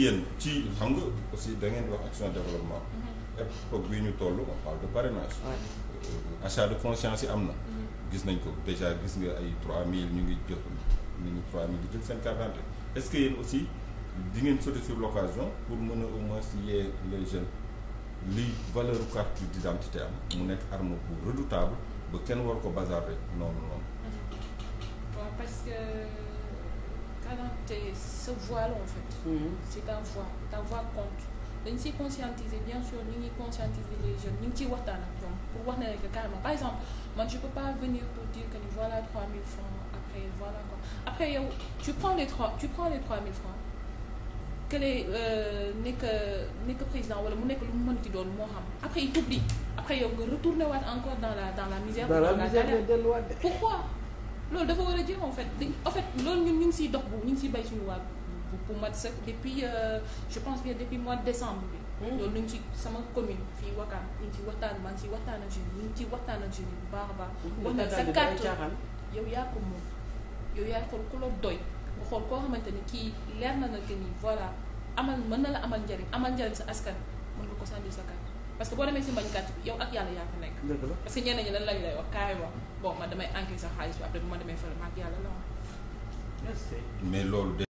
yéen ci xam nga aussi da ngeen wax action développement mm-hmm. époque bii ñu toll on pare de parrainage euh, achat de conscience yi am na mm-hmm. gis nañ ko déjà gis nga ay 3000 ñu ngi jël ñu ngi 3000 di jël seen carte d'identité est-ce que aussi di ngeen sauter sur l'occasion pour mën a au moins yee les jeunes li valeur carte d'identité am mu nekk arme bu redoutable ba kenn war ko bazarder noonu noonu waaw mm-hmm. parce que c'est ce voile en fait. Mmh. c'est ta voix ta dañ siy conscientiser bien sûr ñu ngi conscientiser les jeunes ñu ngi ciy waxtaan ak ñoom pour wax ne la que carrément par exemple man je peux pas venir pour dire que ni voilà 3000 francs après voilà quoi après yow tu prends que les euh, nekk nekk président wala mu nekk lu mu mënti doon moo xam après il t'oublie après yow retourner waat encore dans la dans la misère. dans la pourquoi. loolu dafa war a jëm en fait en fait loolu ñun ñu ngi siy dox bu ñu ngi siy bay suñu waa bu bu mat sax depuis euh, je pense bien depuis mois de décembre bi. Hmm. loolu ñu ngi ci sama commune fii Wakaam ñu ngi ci waxtaan maa ngi ci waxtaan ak jeunes ñu ngi ci waxtaan ak jeunes bu baax a baax. Hmm. wax na sa carte yow yaa ko moom yow yaa xool ku la doy nga xool koo xamante ni kii leer na na que ni voilà amal mën na la amal njariñ amal njariñ sa askan mën nga ko sànni sa carte. parce que boo demee si mbañkat yow ak yàlla yaa nekk. parce que ñenn ñi lan lañ lay wax carrément bon man damay encaisser sa xaalis bi après bu ma demee fële ma ak yàlla la mais loolu